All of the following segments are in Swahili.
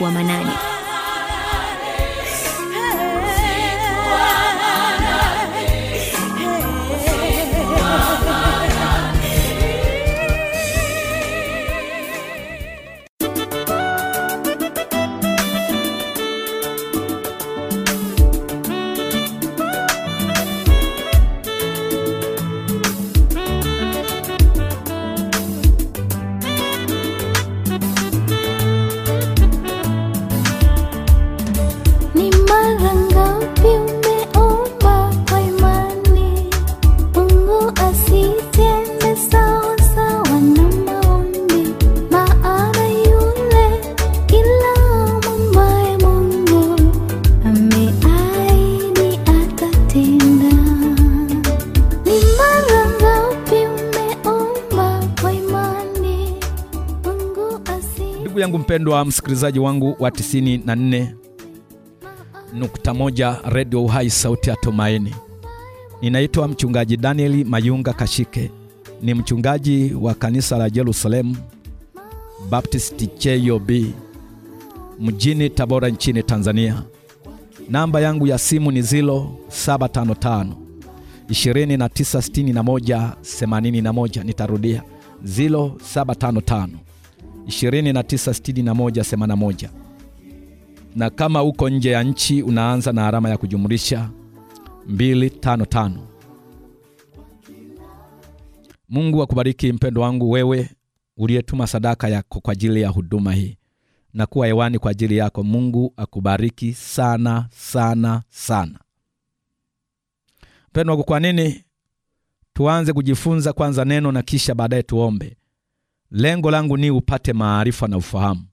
wa manane. mpendwa msikilizaji wangu wa 94.1 Redio Uhai, sauti ya Tumaini. Ninaitwa mchungaji Danieli Mayunga Kashike, ni mchungaji wa kanisa la Jerusalemu Baptist CHOB mjini Tabora nchini Tanzania. Namba yangu ya simu ni 0755 296181. Nitarudia 0755 296181. Na kama uko nje ya nchi unaanza na alama ya kujumlisha 255. Mungu akubariki wa mpendo wangu wewe uliyetuma sadaka yako kwa ajili ya huduma hii na kuwa hewani kwa ajili yako. Mungu akubariki sana sana sana. Mpendo wangu, kwa nini tuanze kujifunza kwanza neno na kisha baadaye tuombe? lengo langu ni upate maarifa na ufahamu.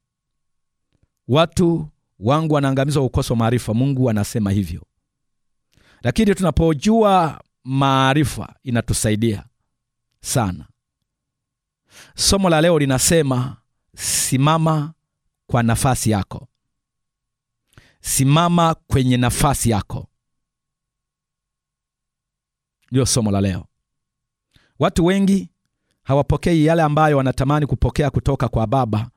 Watu wangu wanaangamizwa ukoso maarifa, Mungu anasema hivyo. Lakini tunapojua maarifa inatusaidia sana. Somo la leo linasema simama kwa nafasi yako. Simama kwenye nafasi yako, ndio somo la leo. Watu wengi hawapokei yale ambayo wanatamani kupokea kutoka kwa Baba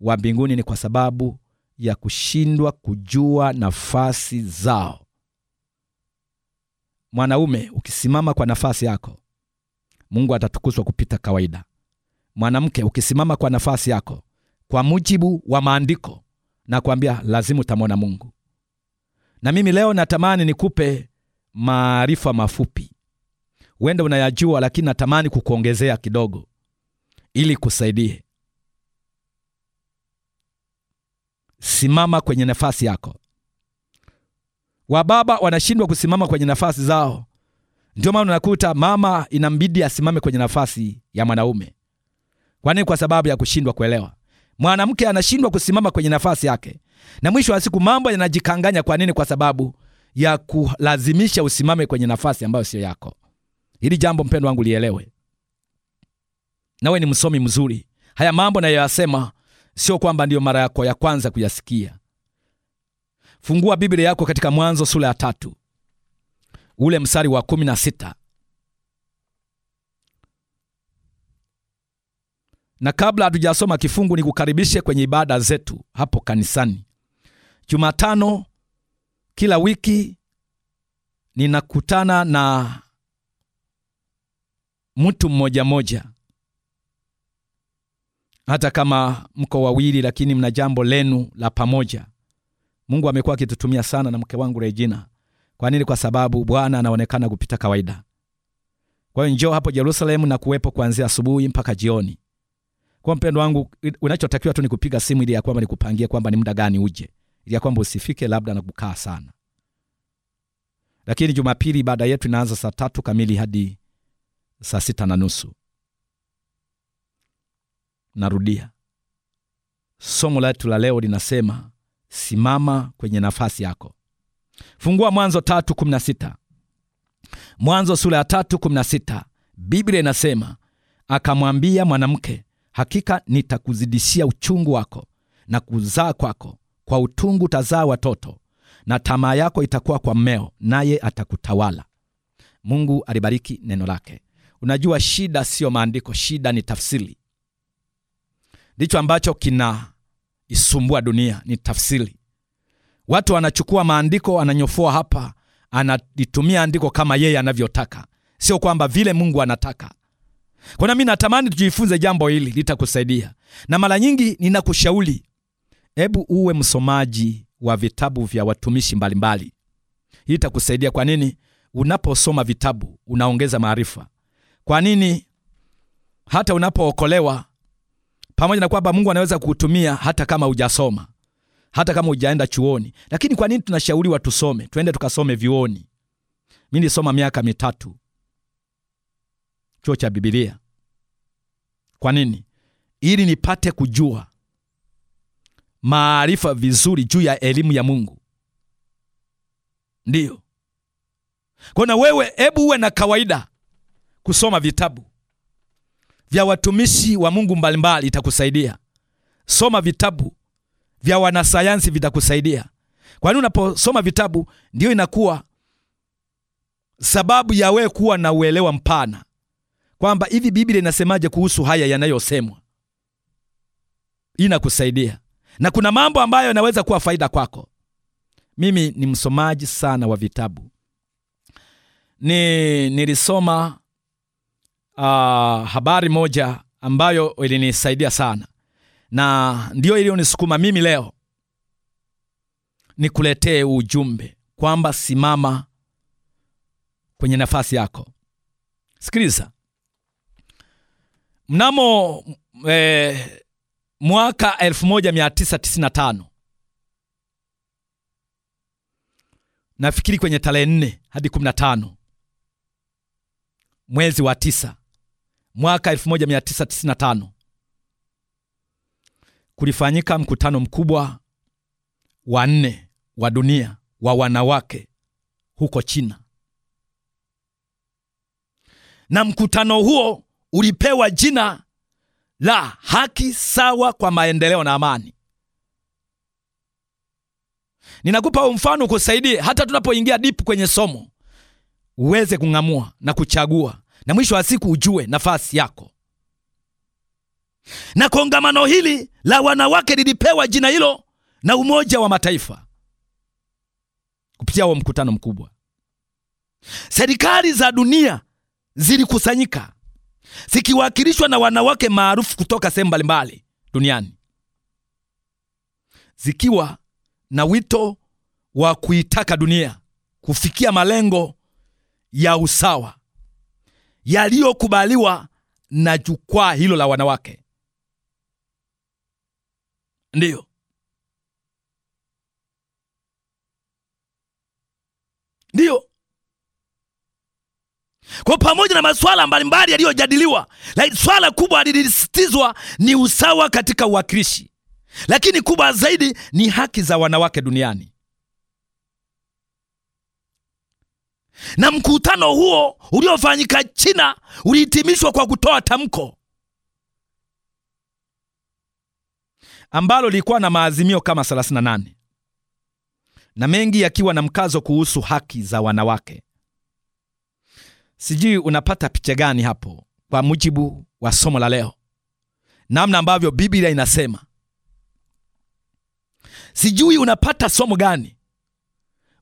wa mbinguni ni kwa sababu ya kushindwa kujua nafasi zao. Mwanaume, ukisimama kwa nafasi yako, Mungu atatukuzwa kupita kawaida. Mwanamke, ukisimama kwa nafasi yako kwa mujibu wa maandiko, na kuambia lazima utamwona Mungu. Na mimi leo natamani nikupe maarifa mafupi wenda unayajua, lakini natamani kukuongezea kidogo ili kusaidie. Simama kwenye nafasi yako. Wababa wanashindwa kusimama kwenye nafasi zao, ndio maana unakuta mama inambidi asimame kwenye nafasi ya mwanaume. Kwa nini? Kwa sababu ya kushindwa kuelewa. Mwanamke anashindwa kusimama kwenye nafasi yake, na mwisho wa siku mambo yanajikanganya. Kwa nini? Kwa sababu ya kulazimisha usimame kwenye nafasi ambayo sio yako. Hili jambo mpendo wangu lielewe, nawe ni msomi mzuri. Haya mambo nayoyasema sio kwamba ndiyo mara yako ya kwanza kuyasikia. Fungua Biblia yako katika Mwanzo sura ya tatu ule mstari wa kumi na sita na kabla hatujasoma kifungu, nikukaribishe kwenye ibada zetu hapo kanisani Jumatano kila wiki. Ninakutana na mtu mmoja mmoja, hata kama mko wawili, lakini mna jambo lenu la pamoja. Mungu amekuwa akitutumia sana na mke wangu Regina. Kwa nini? Kwa sababu Bwana anaonekana kupita kawaida. Kwa hiyo njoo hapo Yerusalemu na kuwepo kuanzia asubuhi mpaka jioni. Kwa mpendo wangu, unachotakiwa tu ni kupiga simu ili ya kwamba nikupangie kwamba ni muda gani uje, ili ya kwamba usifike labda na kukaa sana. Lakini Jumapili ibada yetu inaanza saa tatu kamili hadi saa sita na nusu. Narudia, somo letu la leo linasema simama kwenye nafasi yako. Fungua Mwanzo tatu kumi na sita. Mwanzo sura ya tatu kumi na sita, Biblia inasema akamwambia mwanamke, hakika nitakuzidishia uchungu wako na kuzaa kwako, kwa utungu utazaa watoto, na tamaa yako itakuwa kwa mmeo, naye atakutawala. Mungu alibariki neno lake. Unajua, shida siyo maandiko, shida ni tafsiri. Ndicho ambacho kinaisumbua dunia, ni tafsiri. Watu wanachukua maandiko, ananyofua hapa, analitumia andiko kama yeye anavyotaka, sio kwamba vile Mungu anataka. kwana mi natamani tujifunze jambo hili, litakusaidia. Na mara nyingi ninakushauri, hebu uwe msomaji wa vitabu vya watumishi mbalimbali. Hii itakusaidia. Kwa nini? Unaposoma vitabu unaongeza maarifa. Kwa nini hata unapookolewa, pamoja na kwamba Mungu anaweza kuutumia hata kama ujasoma hata kama ujaenda chuoni, lakini kwa nini tunashauriwa tusome? Twende tukasome vyuoni. Mi nisoma miaka mitatu chuo cha Bibilia. Kwa nini? Ili nipate kujua maarifa vizuri juu ya elimu ya Mungu. Ndiyo. kona na wewe, hebu uwe na kawaida kusoma vitabu vya watumishi wa Mungu mbalimbali itakusaidia. Soma vitabu vya wanasayansi vitakusaidia, kwani unaposoma vitabu ndio inakuwa sababu ya wewe kuwa na uelewa mpana kwamba hivi Biblia inasemaje kuhusu haya yanayosemwa. Inakusaidia na kuna mambo ambayo yanaweza kuwa faida kwako. Mimi ni msomaji sana wa vitabu ni nilisoma uh, habari moja ambayo ilinisaidia sana na ndio iliyonisukuma mimi leo nikuletee ujumbe kwamba simama kwenye nafasi yako. Sikiliza, mnamo eh, mwaka 1995 nafikiri kwenye tarehe 4 hadi 15 mwezi wa tisa mwaka 1995 kulifanyika mkutano mkubwa wa nne wa dunia wa wanawake huko China, na mkutano huo ulipewa jina la haki sawa kwa maendeleo na amani. Ninakupa mfano kusaidia hata tunapoingia deep kwenye somo uweze kung'amua na kuchagua na mwisho wa siku ujue nafasi yako. Na kongamano hili la wanawake lilipewa jina hilo na Umoja wa Mataifa kupitia huo mkutano mkubwa. Serikali za dunia zilikusanyika zikiwakilishwa na wanawake maarufu kutoka sehemu mbalimbali duniani zikiwa na wito wa kuitaka dunia kufikia malengo ya usawa yaliyokubaliwa na jukwaa hilo la wanawake. Ndiyo, ndiyo. Kwa pamoja na masuala mbalimbali yaliyojadiliwa, lakini swala kubwa lilisisitizwa ni usawa katika uwakilishi, lakini kubwa zaidi ni haki za wanawake duniani. na mkutano huo uliofanyika China ulihitimishwa kwa kutoa tamko ambalo lilikuwa na maazimio kama 38 na mengi yakiwa na mkazo kuhusu haki za wanawake. Sijui unapata picha gani hapo, kwa mujibu wa somo la leo, namna ambavyo Biblia inasema. Sijui unapata somo gani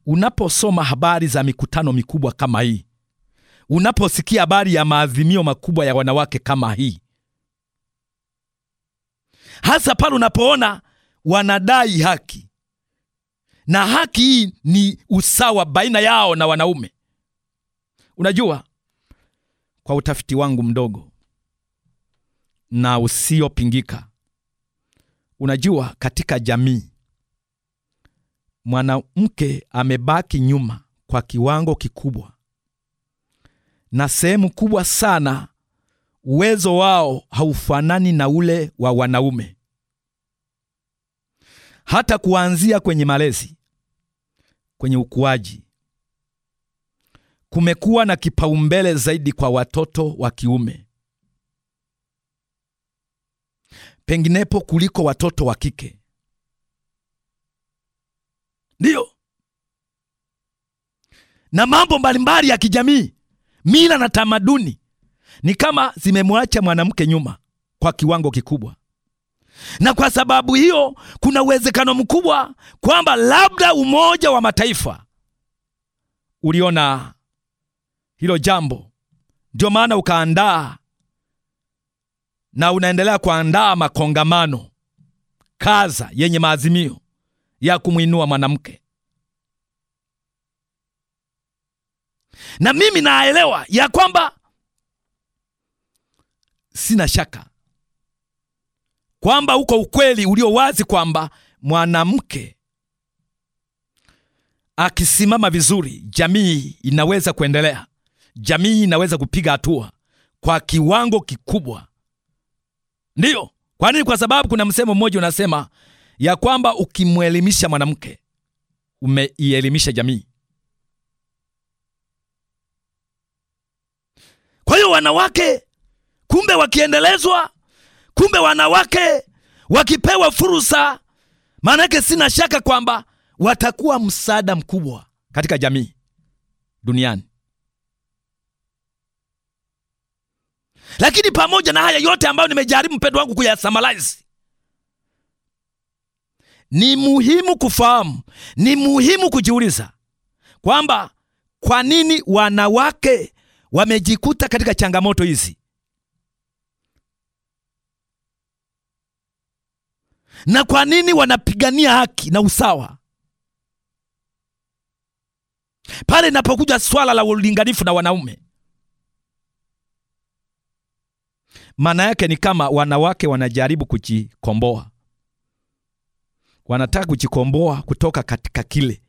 unaposoma habari za mikutano mikubwa kama hii, unaposikia habari ya maazimio makubwa ya wanawake kama hii, hasa pale unapoona wanadai haki na haki hii ni usawa baina yao na wanaume. Unajua, kwa utafiti wangu mdogo na usiopingika, unajua katika jamii mwanamke amebaki nyuma kwa kiwango kikubwa, na sehemu kubwa sana uwezo wao haufanani na ule wa wanaume, hata kuanzia kwenye malezi, kwenye ukuaji. Kumekuwa na kipaumbele zaidi kwa watoto wa kiume penginepo kuliko watoto wa kike ndiyo, na mambo mbalimbali ya kijamii, mila na tamaduni ni kama zimemwacha mwanamke nyuma kwa kiwango kikubwa, na kwa sababu hiyo kuna uwezekano mkubwa kwamba labda Umoja wa Mataifa uliona hilo jambo, ndio maana ukaandaa na unaendelea kuandaa makongamano kaza yenye maazimio ya kumwinua mwanamke. Na mimi naelewa ya kwamba sina shaka kwamba uko ukweli ulio wazi kwamba mwanamke akisimama vizuri, jamii inaweza kuendelea, jamii inaweza kupiga hatua kwa kiwango kikubwa. Ndiyo, kwa nini? Kwa sababu kuna msemo mmoja unasema ya kwamba ukimwelimisha mwanamke umeielimisha jamii. Kwa hiyo wanawake kumbe wakiendelezwa, kumbe wanawake wakipewa fursa, maana yake sina shaka kwamba watakuwa msaada mkubwa katika jamii duniani. Lakini pamoja na haya yote ambayo nimejaribu mpendo wangu kuyasamalize, ni muhimu kufahamu, ni muhimu kujiuliza kwamba kwa nini wanawake wamejikuta katika changamoto hizi, na kwa nini wanapigania haki na usawa pale inapokuja swala la ulinganifu na wanaume. Maana yake ni kama wanawake wanajaribu kujikomboa wanataka kujikomboa kutoka katika kile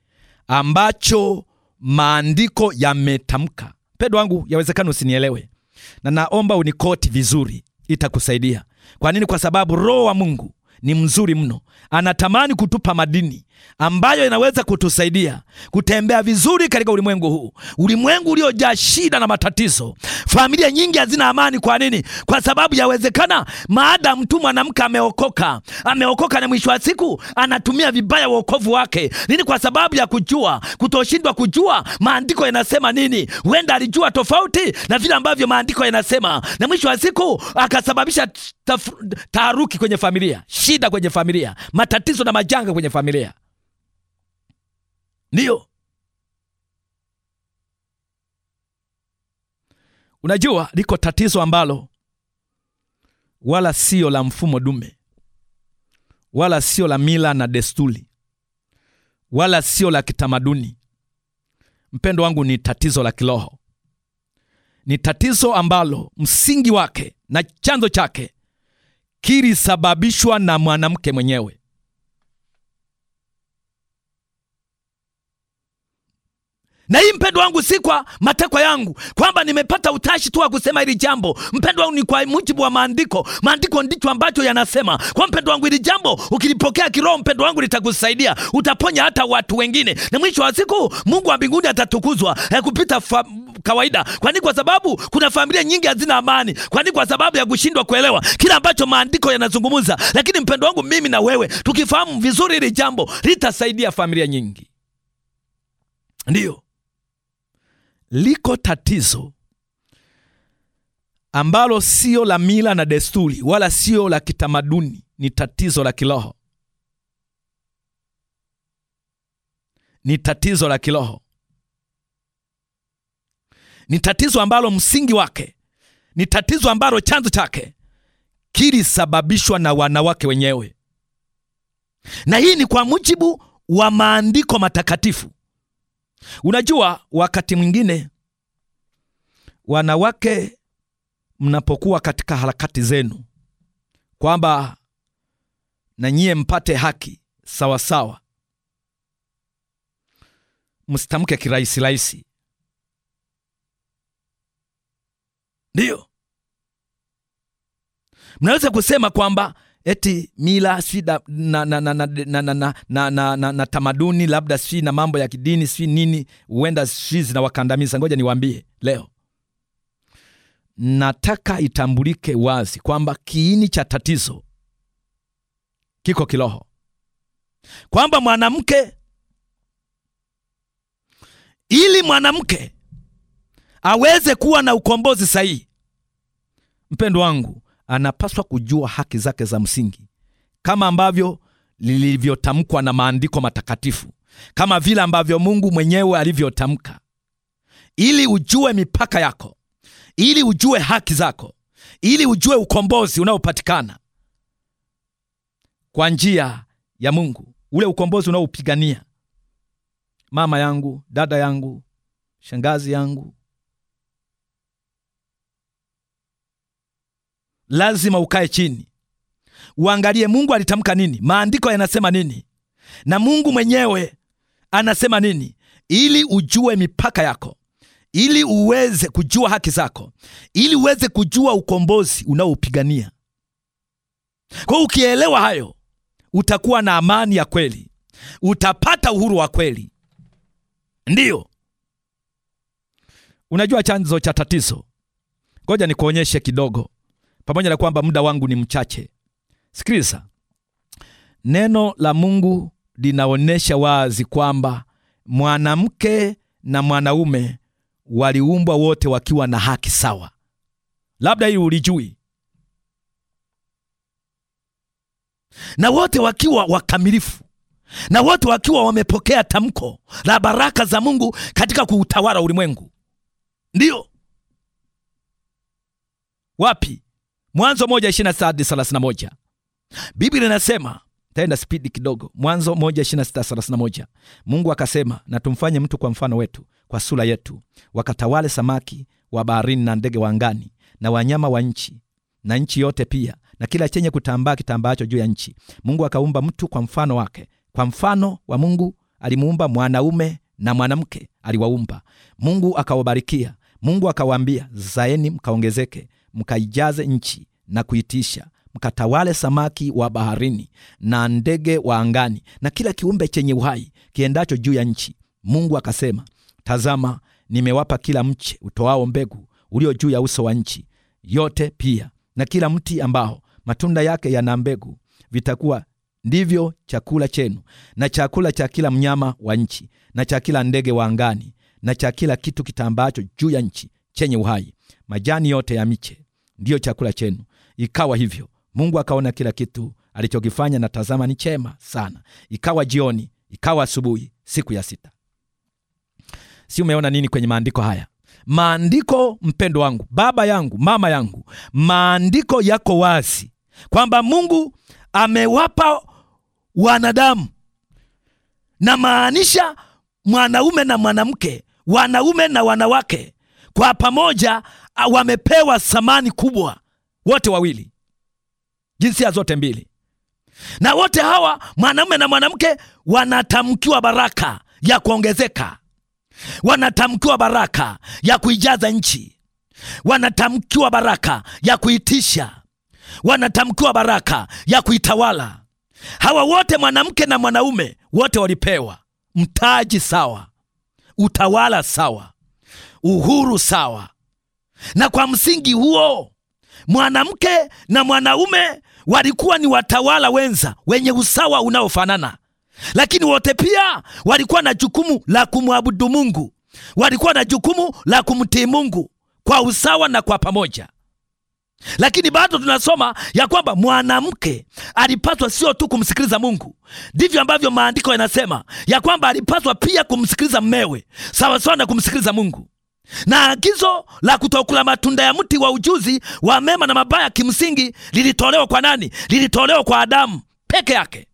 ambacho maandiko yametamka. Mpendwa wangu, yawezekana usinielewe, na naomba unikoti vizuri, itakusaidia. Kwa nini? Kwa sababu Roho wa Mungu ni mzuri mno, anatamani kutupa madini ambayo inaweza kutusaidia kutembea vizuri katika ulimwengu huu, ulimwengu uliojaa shida na matatizo. Familia nyingi hazina amani. Kwa nini? Kwa sababu yawezekana, maadamu tu mwanamke ameokoka, ameokoka na mwisho wa siku anatumia vibaya wokovu wake. Nini? Kwa sababu ya kujua, kutoshindwa kujua maandiko yanasema nini. Huenda alijua tofauti na vile ambavyo maandiko yanasema, na mwisho wa siku akasababisha taharuki kwenye familia, shida kwenye familia matatizo na majanga kwenye familia. Ndiyo, unajua liko tatizo ambalo wala sio la mfumo dume, wala sio la mila na desturi, wala sio la kitamaduni. Mpendo wangu, ni tatizo la kiroho, ni tatizo ambalo msingi wake na chanzo chake kilisababishwa na mwanamke mwenyewe. na hii mpendo wangu, si kwa matakwa yangu kwamba nimepata utashi tu wa kusema hili jambo. Mpendo wangu, ni kwa mujibu wa maandiko. Maandiko ndicho ambacho yanasema. Kwa mpendo wangu, hili jambo ukilipokea kiroho, mpendo wangu, litakusaidia utaponya hata watu wengine, na mwisho wa siku Mungu wa mbinguni atatukuzwa ya eh, kupita fa kawaida. Kwani kwa sababu kuna familia nyingi hazina amani, kwani kwa sababu ya kushindwa kuelewa kila ambacho maandiko yanazungumza. Lakini mpendo wangu, mimi na wewe tukifahamu vizuri hili jambo litasaidia familia nyingi, ndio liko tatizo ambalo sio la mila na desturi wala sio la kitamaduni, ni tatizo la kiroho, ni tatizo la kiroho, ni tatizo ambalo msingi wake, ni tatizo ambalo chanzo chake kilisababishwa na wanawake wenyewe, na hii ni kwa mujibu wa maandiko matakatifu. Unajua, wakati mwingine wanawake, mnapokuwa katika harakati zenu kwamba na nyie mpate haki sawasawa, msitamke kirahisi rahisi. Ndiyo mnaweza kusema kwamba eti mila si na, na, na, na, na, na, na, na, na tamaduni labda si na mambo ya kidini si nini, huenda si zinawakandamiza. Ngoja niwaambie leo, nataka itambulike wazi kwamba kiini cha tatizo kiko kiroho, kwamba mwanamke, ili mwanamke aweze kuwa na ukombozi sahihi, mpendo wangu anapaswa kujua haki zake za msingi kama ambavyo lilivyotamkwa na maandiko matakatifu, kama vile ambavyo Mungu mwenyewe alivyotamka, ili ujue mipaka yako, ili ujue haki zako, ili ujue ukombozi unaopatikana kwa njia ya Mungu, ule ukombozi unaoupigania. Mama yangu, dada yangu, shangazi yangu, lazima ukae chini uangalie Mungu alitamka nini, maandiko yanasema nini, na Mungu mwenyewe anasema nini, ili ujue mipaka yako, ili uweze kujua haki zako, ili uweze kujua ukombozi unaoupigania. Kwa hiyo ukielewa hayo, utakuwa na amani ya kweli, utapata uhuru wa kweli. Ndiyo, unajua chanzo cha tatizo. Ngoja nikuonyeshe kidogo pamoja na kwamba muda wangu ni mchache. Sikiliza, neno la Mungu linaonyesha wazi kwamba mwanamke na mwanaume waliumbwa wote wakiwa na haki sawa. Labda hii ulijui, na wote wakiwa wakamilifu na wote wakiwa wamepokea tamko la baraka za Mungu katika kuutawala ulimwengu. Ndiyo, wapi Mwanzo moja 1:26 hadi 31. Biblia inasema taenda spidi kidogo. Mwanzo moja sita 126 moja. Mungu akasema, na tumfanye mtu kwa mfano wetu, kwa sura yetu, wakatawale samaki wa baharini na ndege wa angani na wanyama wa nchi na nchi yote pia na kila chenye kutambaa kitambaacho juu ya nchi. Mungu akaumba mtu kwa mfano wake, kwa mfano wa Mungu alimuumba, mwanaume na mwanamke aliwaumba. Mungu akawabarikia. Mungu akawaambia, zaeni mkaongezeke, mkaijaze nchi na kuitisha, mkatawale samaki wa baharini na ndege wa angani na kila kiumbe chenye uhai kiendacho juu ya nchi. Mungu akasema, tazama, nimewapa kila mche utoao mbegu ulio juu ya uso wa nchi yote pia na kila mti ambao matunda yake yana mbegu, vitakuwa ndivyo chakula chenu, na chakula cha kila mnyama wa nchi na cha kila ndege wa angani na cha kila kitu kitambaacho juu ya nchi chenye uhai, majani yote ya miche ndiyo chakula chenu. Ikawa hivyo. Mungu akaona kila kitu alichokifanya, na tazama, ni chema sana. Ikawa jioni, ikawa asubuhi, siku ya sita. Si umeona nini kwenye maandiko haya? Maandiko, mpendo wangu, baba yangu, mama yangu, maandiko yako wazi kwamba Mungu amewapa wanadamu, na maanisha mwanaume na mwanamke, wanaume na wanawake, kwa pamoja Ah, wamepewa samani kubwa wote wawili, jinsia zote mbili, na wote hawa mwanaume na mwanamke wanatamkiwa baraka ya kuongezeka, wanatamkiwa baraka ya kuijaza nchi, wanatamkiwa baraka ya kuitisha, wanatamkiwa baraka ya kuitawala. Hawa wote mwanamke na mwanaume wote walipewa mtaji sawa, utawala sawa, uhuru sawa, na kwa msingi huo mwanamke na mwanaume walikuwa ni watawala wenza wenye usawa unaofanana, lakini wote pia walikuwa na jukumu la kumwabudu Mungu, walikuwa na jukumu la kumtii Mungu kwa usawa na kwa pamoja. Lakini bado tunasoma ya kwamba mwanamke alipaswa sio tu kumsikiliza Mungu, ndivyo ambavyo maandiko yanasema ya kwamba alipaswa pia kumsikiliza mmewe sawasawa na kumsikiliza Mungu na agizo la kutokula matunda ya mti wa ujuzi wa mema na mabaya kimsingi lilitolewa kwa nani? Lilitolewa kwa Adamu peke yake,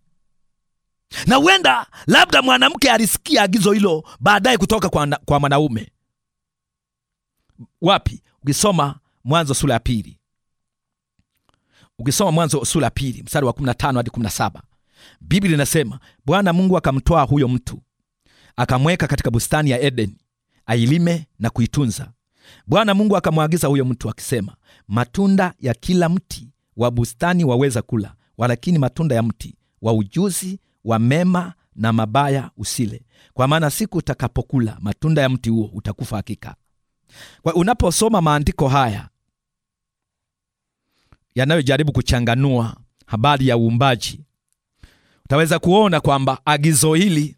na huenda labda mwanamke alisikia agizo hilo baadaye kutoka kwa, kwa mwanaume. Wapi? Ukisoma Mwanzo sura ya pili, ukisoma Mwanzo sura ya pili mstari wa 15 hadi 17, Biblia inasema Bwana Mungu akamtwaa huyo mtu akamweka katika bustani ya Edeni ailime na kuitunza. Bwana Mungu akamwagiza huyo mtu akisema, matunda ya kila mti wa bustani waweza kula, walakini matunda ya mti wa ujuzi wa mema na mabaya usile, kwa maana siku utakapokula matunda ya mti huo utakufa hakika. Kwa unaposoma maandiko haya yanayojaribu kuchanganua habari ya uumbaji, utaweza kuona kwamba agizo hili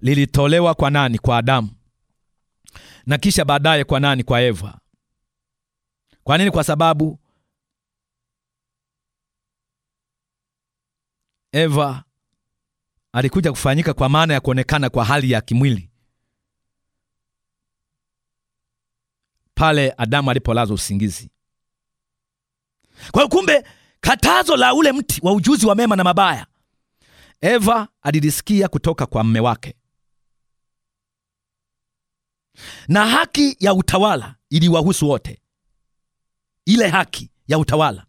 lilitolewa kwa nani? Kwa Adamu na kisha baadaye kwa nani? Kwa Eva. Kwa nini? Kwa sababu Eva alikuja kufanyika kwa maana ya kuonekana kwa hali ya kimwili pale Adamu alipolazwa usingizi. Kwa hiyo kumbe, katazo la ule mti wa ujuzi wa mema na mabaya Eva alilisikia kutoka kwa mme wake, na haki ya utawala iliwahusu wote. Ile haki ya utawala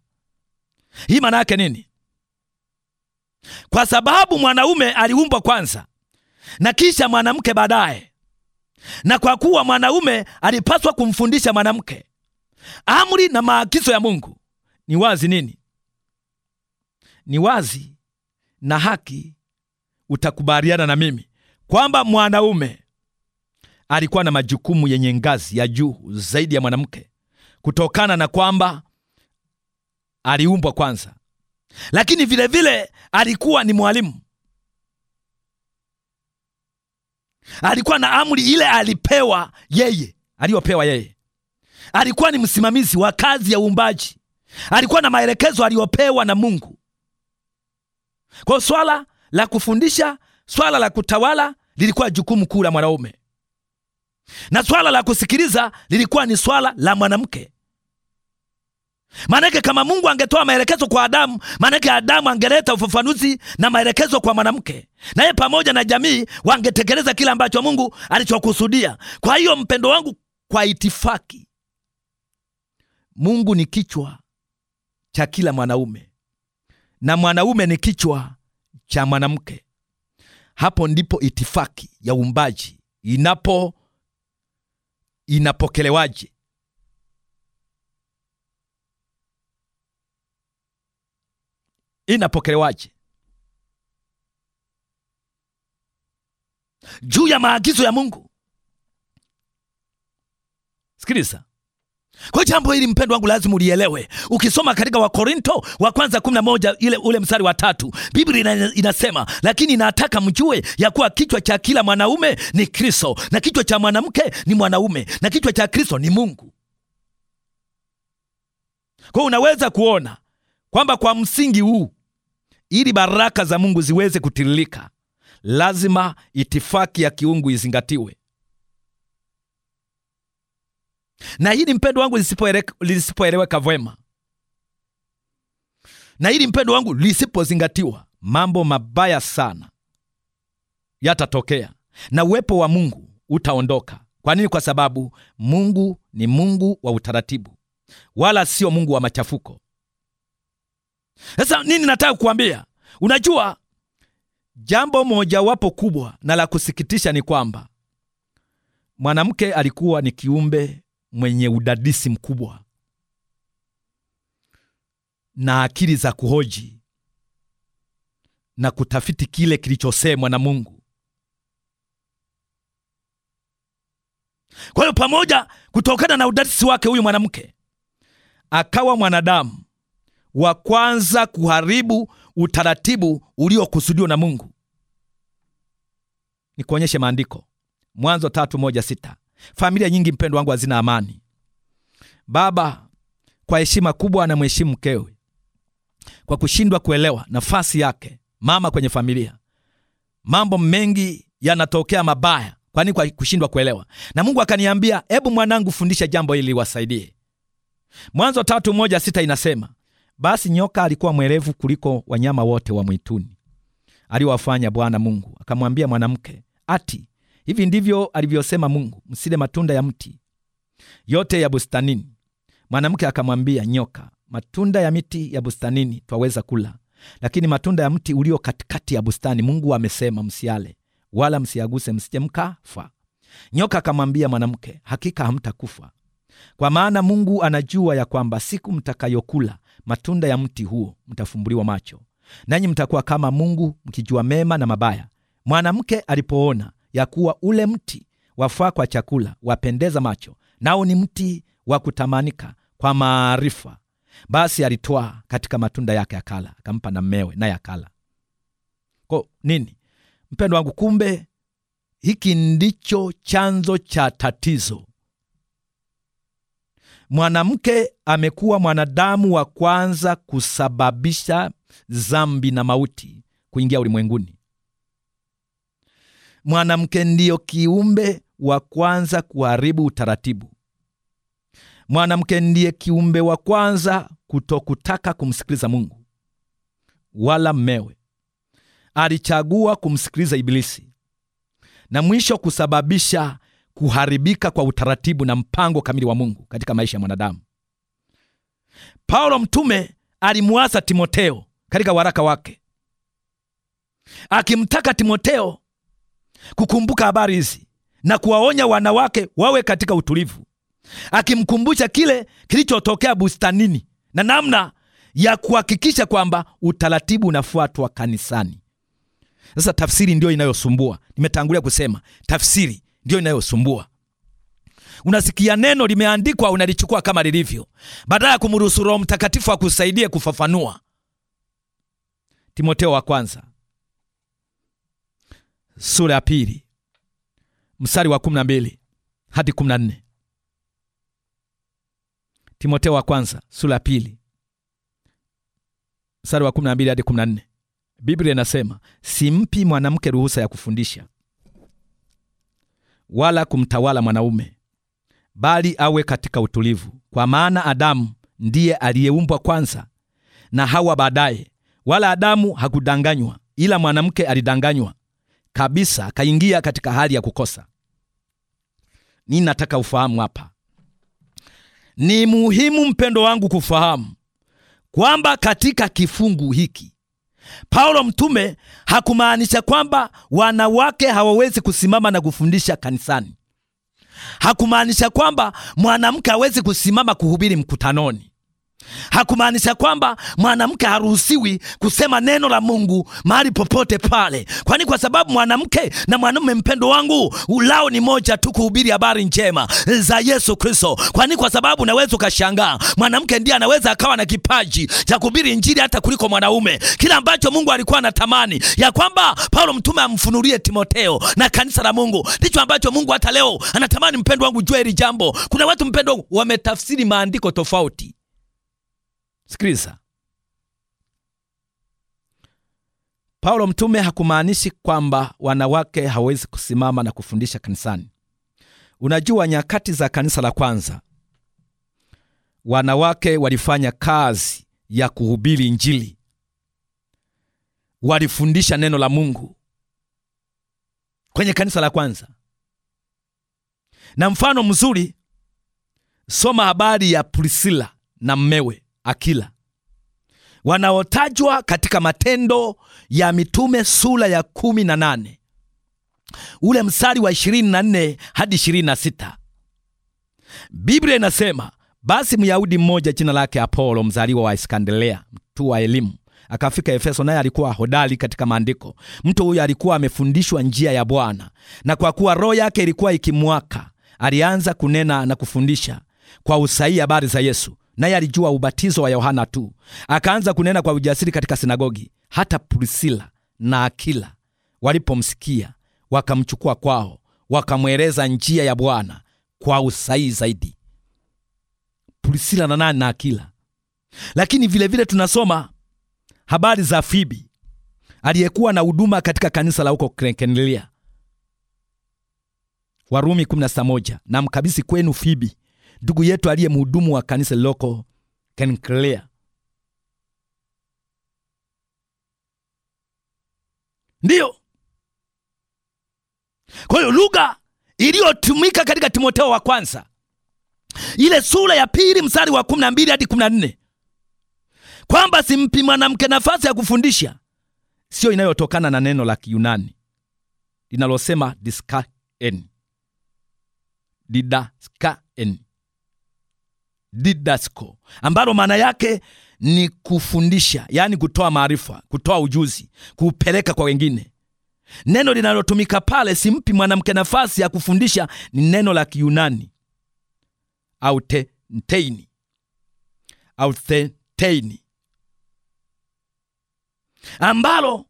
hii maana yake nini? Kwa sababu mwanaume aliumbwa kwanza na kisha mwanamke baadaye, na kwa kuwa mwanaume alipaswa kumfundisha mwanamke amri na maagizo ya Mungu, ni wazi nini? Ni wazi na haki, utakubaliana na mimi kwamba mwanaume alikuwa na majukumu yenye ngazi ya juu zaidi ya mwanamke kutokana na kwamba aliumbwa kwanza, lakini vilevile vile alikuwa ni mwalimu. Alikuwa na amri ile alipewa yeye, aliyopewa yeye. Alikuwa ni msimamizi wa kazi ya uumbaji, alikuwa na maelekezo aliyopewa na Mungu. Kwa swala la kufundisha, swala la kutawala lilikuwa jukumu kuu la mwanaume na swala la kusikiliza lilikuwa ni swala la mwanamke. Maanake kama Mungu angetoa maelekezo kwa Adamu, maanake Adamu angeleta ufafanuzi na maelekezo kwa mwanamke, naye pamoja na jamii wangetekeleza kile ambacho Mungu alichokusudia. Kwa hiyo mpendo wangu, kwa itifaki, Mungu ni kichwa cha kila mwanaume na mwanaume ni kichwa cha mwanamke. Hapo ndipo itifaki ya uumbaji inapo inapokelewaje? Inapokelewaje juu ya maagizo ya Mungu? Sikiliza, kwa jambo hili mpendo wangu lazima ulielewe. Ukisoma katika Wakorinto wa kwanza moja ile ule mstari wa tatu, Biblia inasema, lakini nataka mjue ya kuwa kichwa cha kila mwanaume ni Kristo, na kichwa cha mwanamke ni mwanaume, na kichwa cha Kristo ni Mungu. Kwa unaweza kuona kwamba kwa msingi huu, ili baraka za Mungu ziweze kutiririka, lazima itifaki ya kiungu izingatiwe na hili mpendo wangu lisipoeleweka vyema, na hili mpendo wangu lisipozingatiwa, mambo mabaya sana yatatokea na uwepo wa Mungu utaondoka. Kwa nini? Kwa sababu Mungu ni Mungu wa utaratibu, wala sio Mungu wa machafuko. Sasa nini nataka kukwambia? Unajua, jambo mojawapo kubwa na la kusikitisha ni kwamba mwanamke alikuwa ni kiumbe mwenye udadisi mkubwa na akili za kuhoji na kutafiti kile kilichosemwa na Mungu. Kwa hiyo pamoja, kutokana na udadisi wake, huyu mwanamke akawa mwanadamu wa kwanza kuharibu utaratibu uliokusudiwa na Mungu. Nikuonyeshe maandiko Mwanzo tatu moja sita Familia nyingi, mpendo wangu, hazina amani. Baba kwa heshima kubwa anamheshimu mkewe kwa kushindwa kuelewa nafasi yake mama kwenye familia. Mambo mengi yanatokea mabaya, kwani kwa kushindwa kuelewa. Na Mungu akaniambia, hebu mwanangu, fundisha jambo hili liwasaidie. Mwanzo tatu moja sita inasema, basi nyoka alikuwa mwerevu kuliko wanyama wote wa mwituni aliwafanya Bwana Mungu. Akamwambia mwanamke, ati Hivi ndivyo alivyosema Mungu, msile matunda ya mti yote ya bustanini. Mwanamke akamwambia nyoka, matunda ya miti ya bustanini twaweza kula, lakini matunda ya mti ulio katikati ya bustani Mungu amesema msiale, wala msiaguse, msije mkafa. Nyoka akamwambia mwanamke, hakika hamtakufa, kwa maana Mungu anajua ya kwamba siku mtakayokula matunda ya mti huo mtafumbuliwa macho, nanyi mtakuwa kama Mungu, mkijua mema na mabaya. Mwanamke alipoona ya kuwa ule mti wafaa kwa chakula, wapendeza macho, nao ni mti wa kutamanika kwa maarifa. Basi alitwaa katika matunda yake akala, akampa na mmewe, naye akala. ko nini, mpendo wangu? Kumbe hiki ndicho chanzo cha tatizo. Mwanamke amekuwa mwanadamu wa kwanza kusababisha zambi na mauti kuingia ulimwenguni. Mwanamke ndiyo kiumbe wa kwanza kuharibu utaratibu. Mwanamke ndiye kiumbe wa kwanza kutokutaka kumsikiliza Mungu wala mmewe. Alichagua kumsikiliza Ibilisi na mwisho kusababisha kuharibika kwa utaratibu na mpango kamili wa Mungu katika maisha ya mwanadamu. Paulo mtume alimwasa Timoteo katika waraka wake akimtaka Timoteo kukumbuka habari hizi na kuwaonya wanawake wawe katika utulivu, akimkumbusha kile kilichotokea bustanini na namna ya kuhakikisha kwamba utaratibu unafuatwa kanisani. Sasa tafsiri ndiyo inayosumbua. Nimetangulia kusema tafsiri ndiyo inayosumbua. Unasikia neno limeandikwa, unalichukua kama lilivyo, badala ya kumruhusu Roho Mtakatifu akusaidie kufafanua. Timoteo wa kwanza sura ya pili mstari wa 12 hadi 14. Timoteo wa kwanza sura ya pili mstari wa 12 hadi 14. Biblia inasema, simpi mwanamke ruhusa ya kufundisha wala kumtawala mwanaume, bali awe katika utulivu, kwa maana Adamu ndiye aliyeumbwa kwanza na Hawa baadaye, wala Adamu hakudanganywa, ila mwanamke alidanganywa kabisa kaingia katika hali ya kukosa. Ni nataka ufahamu hapa, ni muhimu mpendo wangu kufahamu kwamba katika kifungu hiki Paulo mtume hakumaanisha kwamba wanawake hawawezi kusimama na kufundisha kanisani. Hakumaanisha kwamba mwanamke hawezi kusimama kuhubiri mkutanoni hakumaanisha kwamba mwanamke haruhusiwi kusema neno la Mungu mahali popote pale, kwani kwa sababu mwanamke na mwanaume mpendo wangu, ulao ni moja tu, kuhubiri habari njema za Yesu Kristo. Kwani kwa sababu unaweza ukashangaa, mwanamke ndiye anaweza akawa na kipaji cha kuhubiri Injili hata kuliko mwanaume, kila ambacho Mungu alikuwa anatamani ya kwamba Paulo mtume amfunulie timoteo na kanisa la Mungu, ndicho ambacho Mungu hata leo anatamani. Mpendo wangu, jua hili jambo. Kuna watu mpendo wangu, wametafsiri maandiko tofauti Sikiliza, Paulo mtume hakumaanishi kwamba wanawake hawezi kusimama na kufundisha kanisani. Unajua, nyakati za kanisa la kwanza wanawake walifanya kazi ya kuhubiri Injili, walifundisha neno la Mungu kwenye kanisa la kwanza. Na mfano mzuri, soma habari ya Prisila na mmewe akila wanaotajwa katika Matendo ya Mitume sura ya kumi na nane ule mstari wa ishirini na nne hadi ishirini na sita Biblia inasema basi Myahudi mmoja jina lake Apolo, mzaliwa wa Iskandelea, mtu wa elimu, akafika Efeso, naye alikuwa hodari katika maandiko. Mtu huyo alikuwa amefundishwa njia ya Bwana, na kwa kuwa roho yake ilikuwa ikimwaka, alianza kunena na kufundisha kwa usahihi habari za Yesu naye alijua ubatizo wa Yohana tu. Akaanza kunena kwa ujasiri katika sinagogi. Hata Prisila na Akila walipomsikia wakamchukua kwao, wakamweleza njia ya Bwana kwa usahihi zaidi. Prisila na nani na Akila. Lakini vilevile vile tunasoma habari za Fibi aliyekuwa na huduma katika kanisa la huko krekenilia Warumi 16:1 na mkabisi kwenu Fibi ndugu yetu aliye mhudumu wa kanisa liloko Kenkrea. Ndiyo, kwa hiyo lugha iliyotumika katika Timotheo wa kwanza ile sura ya pili msari wa kumi na mbili hadi kumi na nne kwamba simpi mwanamke nafasi ya kufundisha, siyo inayotokana na neno la Kiyunani linalosema diskaen didaskaeni didasko, ambalo maana yake ni kufundisha, yaani kutoa maarifa, kutoa ujuzi, kupeleka kwa wengine. Neno linalotumika pale, simpi mwanamke nafasi ya kufundisha, ni neno la Kiyunani au tenteini ambalo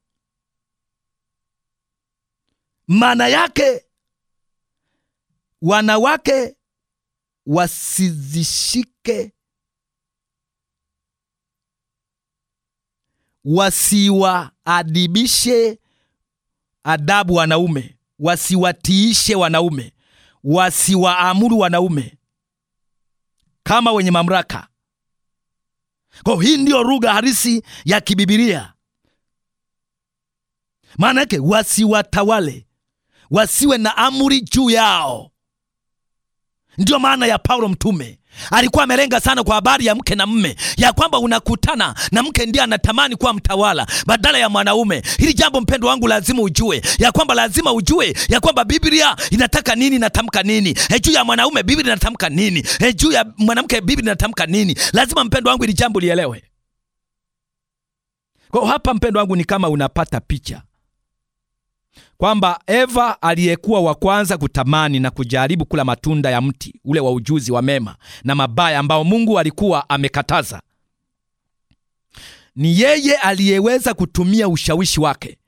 maana yake wanawake wasizishike, wasiwaadibishe adabu wanaume, wasiwatiishe wanaume, wasiwaamuru wanaume kama wenye mamlaka. Kwa hii ndiyo lugha halisi ya kibibilia. Maana yake wasiwatawale, wasiwe na amri juu yao Ndiyo maana ya Paulo mtume alikuwa amelenga sana kwa habari ya mke na mme, ya kwamba unakutana na mke ndiye anatamani kuwa mtawala badala ya mwanaume. Hili jambo mpendo wangu lazima ujue ya kwamba lazima ujue ya kwamba Biblia inataka nini, inatamka nini e juu ya mwanaume, Biblia inatamka nini e juu ya mwanamke, Biblia inatamka nini. Lazima mpendo wangu hili jambo lielewe. Kwa hapa mpendo wangu, ni kama unapata picha kwamba Eva aliyekuwa wa kwanza kutamani na kujaribu kula matunda ya mti ule wa ujuzi wa mema na mabaya ambao Mungu alikuwa amekataza, ni yeye aliyeweza kutumia ushawishi wake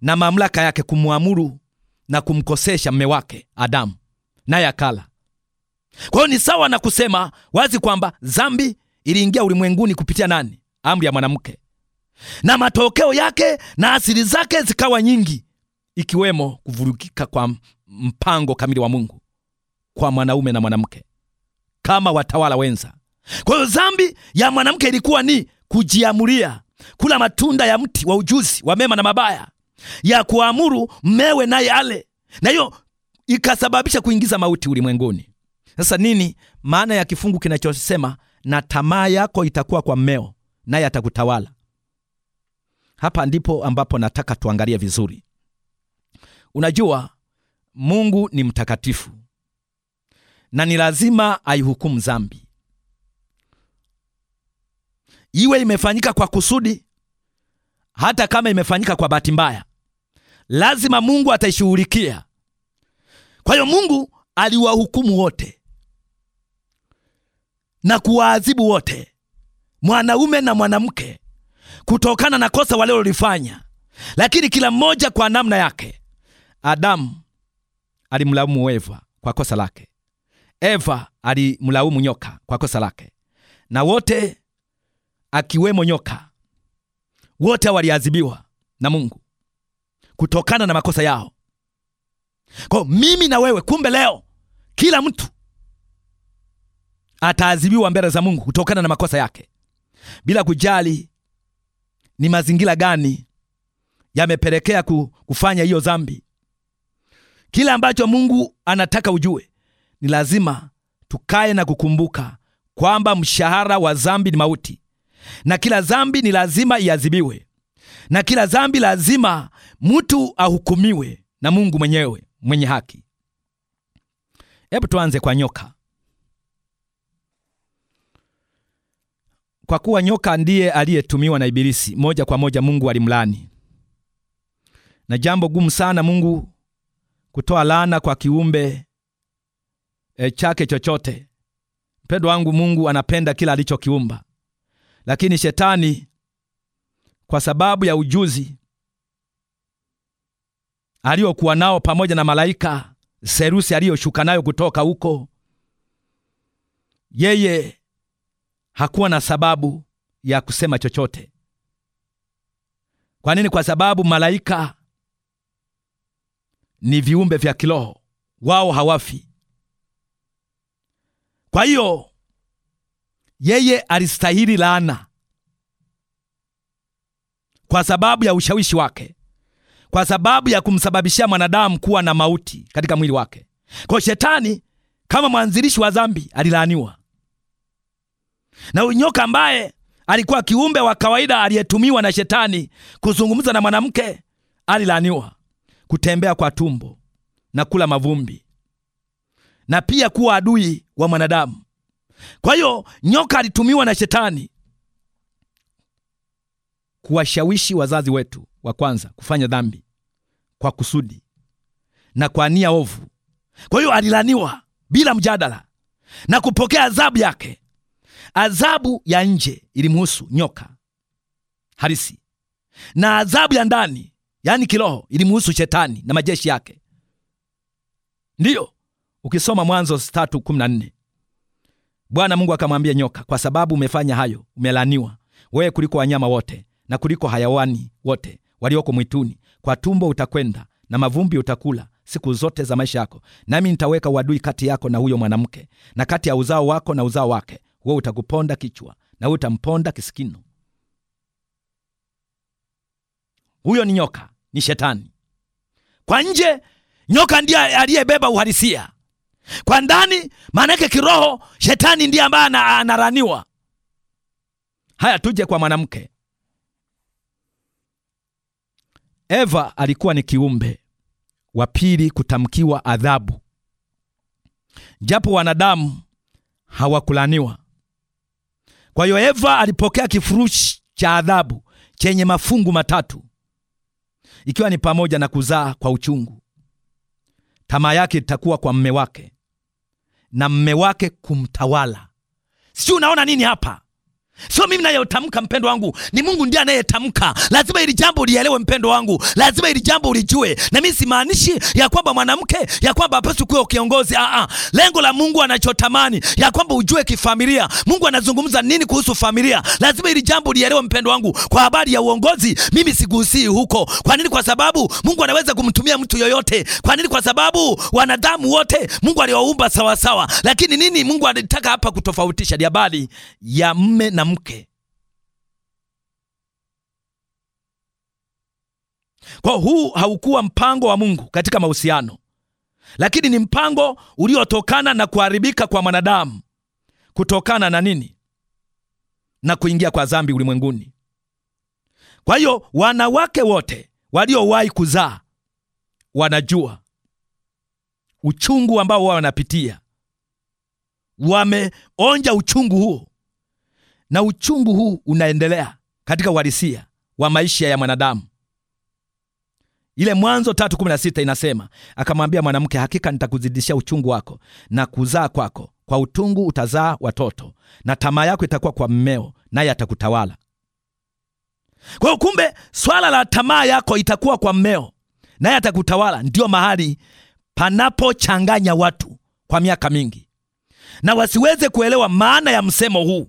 na mamlaka yake kumwamuru na kumkosesha mme wake Adamu, naye akala. Kwa hiyo ni sawa na kusema wazi kwamba dhambi iliingia ulimwenguni kupitia nani? Amri ya mwanamke, na matokeo yake na asili zake zikawa nyingi ikiwemo kuvurugika kwa mpango kamili wa Mungu kwa mwanaume na mwanamke kama watawala wenza. Kwa hiyo dhambi ya mwanamke ilikuwa ni kujiamulia kula matunda ya mti wa ujuzi wa mema na mabaya, ya kuamuru mmewe naye ale, na hiyo ikasababisha kuingiza mauti ulimwenguni. Sasa nini maana ya kifungu kinachosema na tamaa yako itakuwa kwa mmeo naye atakutawala? Hapa ndipo ambapo nataka tuangalie vizuri. Unajua Mungu ni mtakatifu na ni lazima aihukumu zambi iwe imefanyika kwa kusudi, hata kama imefanyika kwa bahati mbaya, lazima Mungu ataishughulikia. Kwa hiyo Mungu aliwahukumu wote na kuwaadhibu wote, mwanaume na mwanamke, kutokana na kosa walilolifanya, lakini kila mmoja kwa namna yake. Adamu alimlaumu Eva kwa kosa lake, Eva alimlaumu nyoka kwa kosa lake, na wote akiwemo nyoka, wote waliadhibiwa na Mungu kutokana na makosa yao. Kwa mimi na wewe, kumbe leo kila mtu ataadhibiwa mbele za Mungu kutokana na makosa yake, bila kujali ni mazingira gani yamepelekea kufanya hiyo zambi kila ambacho Mungu anataka ujue, ni lazima tukae na kukumbuka kwamba mshahara wa zambi ni mauti, na kila zambi ni lazima iadhibiwe, na kila zambi lazima mtu ahukumiwe na Mungu mwenyewe mwenye haki. Hebu tuanze kwa nyoka. Kwa kuwa nyoka ndiye aliyetumiwa na Ibilisi, moja kwa moja Mungu alimlani, na jambo gumu sana Mungu kutoa laana kwa kiumbe e, chake chochote. Mpendwa wangu, Mungu anapenda kila alichokiumba, lakini shetani kwa sababu ya ujuzi aliyokuwa nao pamoja na malaika serusi aliyoshuka nayo kutoka huko, yeye hakuwa na sababu ya kusema chochote. Kwa nini? Kwa sababu malaika ni viumbe vya kiroho, wao hawafi. Kwa hiyo yeye alistahili laana kwa sababu ya ushawishi wake, kwa sababu ya kumsababishia mwanadamu kuwa na mauti katika mwili wake. Kwa shetani kama mwanzilishi wa dhambi alilaaniwa, na unyoka ambaye alikuwa kiumbe wa kawaida aliyetumiwa na shetani kuzungumza na mwanamke alilaaniwa kutembea kwa tumbo na kula mavumbi, na pia kuwa adui wa mwanadamu. Kwa hiyo nyoka alitumiwa na shetani kuwashawishi wazazi wetu wa kwanza kufanya dhambi kwa kusudi na kwa nia ovu. Kwa hiyo alilaniwa bila mjadala na kupokea adhabu yake. Adhabu ya nje ilimhusu nyoka halisi na adhabu ya ndani yaani kiroho, ilimuhusu shetani na majeshi yake. Ndiyo, ukisoma Mwanzo 3:14 Bwana Mungu akamwambia nyoka, kwa sababu umefanya hayo, umelaniwa wewe kuliko wanyama wote na kuliko hayawani wote walioko mwituni, kwa tumbo utakwenda na mavumbi utakula siku zote za maisha yako, nami nitaweka uadui kati yako na huyo mwanamke, na kati ya uzao wako na uzao wake, wewe utakuponda kichwa na wewe utamponda kisikino. Huyo ni nyoka, ni shetani. Kwa nje nyoka ndiye aliyebeba uhalisia, kwa ndani maana yake kiroho shetani ndiye ambaye anaraniwa. Haya, tuje kwa mwanamke. Eva alikuwa ni kiumbe wa pili kutamkiwa adhabu, japo wanadamu hawakulaniwa. Kwa hiyo Eva alipokea kifurushi cha adhabu chenye mafungu matatu ikiwa ni pamoja na kuzaa kwa uchungu. Tamaa yake itakuwa kwa mme wake na mme wake kumtawala. Sijui unaona nini hapa? Sio mimi nayotamka, mpendo wangu, ni Mungu ndiye anayetamka. Lazima ili jambo ulielewe, mpendo wangu, lazima ili jambo ulijue. Na mimi simaanishi ya kwamba mwanamke ya kwamba hapaswi kuwa kiongozi. A ah, a, ah. lengo la Mungu anachotamani ya kwamba ujue kifamilia, Mungu anazungumza nini kuhusu familia. Lazima ili jambo ulielewe, mpendo wangu. Kwa habari ya uongozi, mimi sigusii huko. Kwa nini? Kwa sababu Mungu anaweza kumtumia mtu yoyote. Kwa nini? Kwa sababu wanadamu wote Mungu aliwaumba sawa sawa, lakini nini Mungu anataka hapa kutofautisha habari ya mme na mwanamke. Kwa huu haukuwa mpango wa Mungu katika mahusiano, lakini ni mpango uliotokana na kuharibika kwa mwanadamu kutokana na nini? Na kuingia kwa dhambi ulimwenguni. Kwa hiyo wanawake wote waliowahi kuzaa wanajua uchungu ambao wao wanapitia, wameonja uchungu huo na uchungu huu unaendelea katika uhalisia wa maisha ya mwanadamu. Ile Mwanzo tatu kumi na sita inasema, akamwambia mwanamke, hakika nitakuzidishia uchungu wako na kuzaa kwako, kwa utungu utazaa watoto, na tamaa yako itakuwa kwa mmeo, naye atakutawala. Kwa hiyo, kumbe swala la tamaa yako itakuwa kwa mmeo, naye atakutawala, ndiyo mahali panapochanganya watu kwa miaka mingi, na wasiweze kuelewa maana ya msemo huu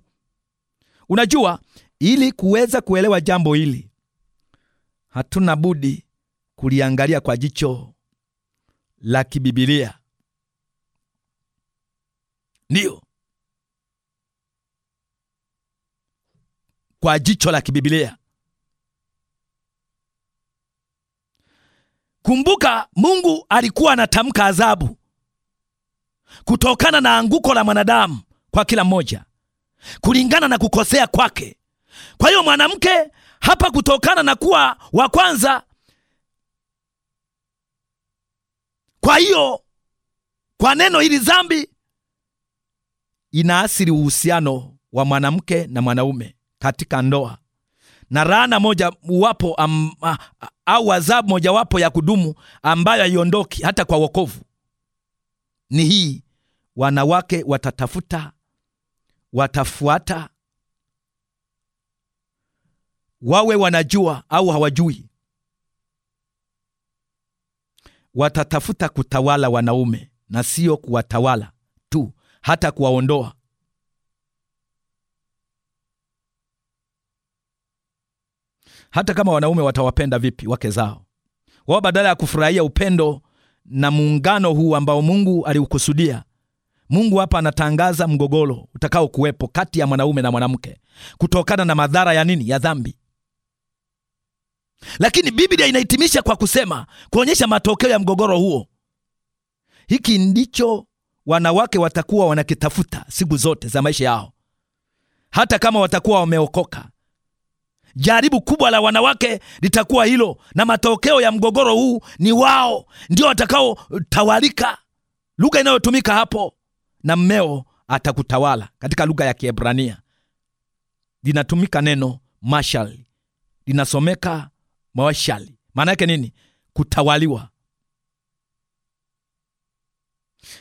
Unajua, ili kuweza kuelewa jambo hili, hatuna budi kuliangalia kwa jicho la kibibilia. Ndiyo, kwa jicho la kibibilia. Kumbuka, Mungu alikuwa anatamka adhabu kutokana na anguko la mwanadamu kwa kila mmoja kulingana na kukosea kwake. Kwa hiyo mwanamke hapa, kutokana na kuwa wa kwanza, kwa hiyo kwa neno hili dhambi inaathiri uhusiano wa mwanamke na mwanaume katika ndoa, na laana moja wapo am, au adhabu wapo ya kudumu ambayo haiondoki hata kwa wokovu ni hii: wanawake watatafuta watafuata, wawe wanajua au hawajui, watatafuta kutawala wanaume na sio kuwatawala tu, hata kuwaondoa. Hata kama wanaume watawapenda vipi wake zao, wao badala ya kufurahia upendo na muungano huu ambao Mungu aliukusudia Mungu hapa anatangaza mgogoro utakao kuwepo kati ya mwanaume na mwanamke kutokana na madhara ya nini? Ya dhambi. Lakini Biblia inahitimisha kwa kusema, kuonyesha matokeo ya mgogoro huo. Hiki ndicho wanawake watakuwa wanakitafuta siku zote za maisha yao, hata kama watakuwa wameokoka. Jaribu kubwa la wanawake litakuwa hilo, na matokeo ya mgogoro huu ni wao ndio watakaotawalika, lugha inayotumika hapo na mmeo atakutawala. Katika lugha ya Kiebrania linatumika neno mashal linasomeka mashali Maana yake nini? Kutawaliwa.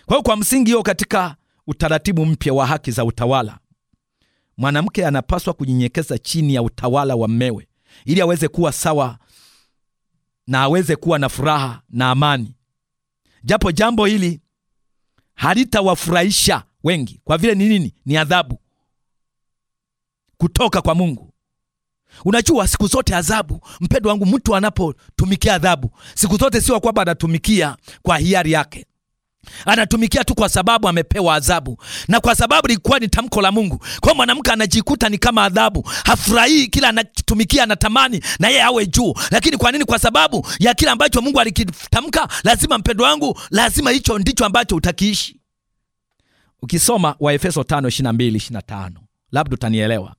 Kwa hiyo kwa msingi huo, katika utaratibu mpya wa haki za utawala, mwanamke anapaswa kunyenyekeza chini ya utawala wa mmewe ili aweze kuwa sawa na aweze kuwa na furaha na amani. Japo jambo hili halitawafurahisha wengi, kwa vile ni nini? Ni adhabu kutoka kwa Mungu. Unajua, siku zote adhabu, mpendo wangu, mtu anapotumikia adhabu siku zote sio kwamba anatumikia kwa hiari yake anatumikia tu kwa sababu amepewa adhabu na kwa sababu ilikuwa ni tamko la Mungu. Kwa mwanamke anajikuta ni kama adhabu, hafurahii kila anatumikia, anatamani na yeye awe juu. Lakini kwa nini? Kwa sababu ya kile ambacho Mungu alikitamka, lazima mpendo wangu, lazima hicho ndicho ambacho utakiishi. Ukisoma Waefeso 5:22-25 labda utanielewa.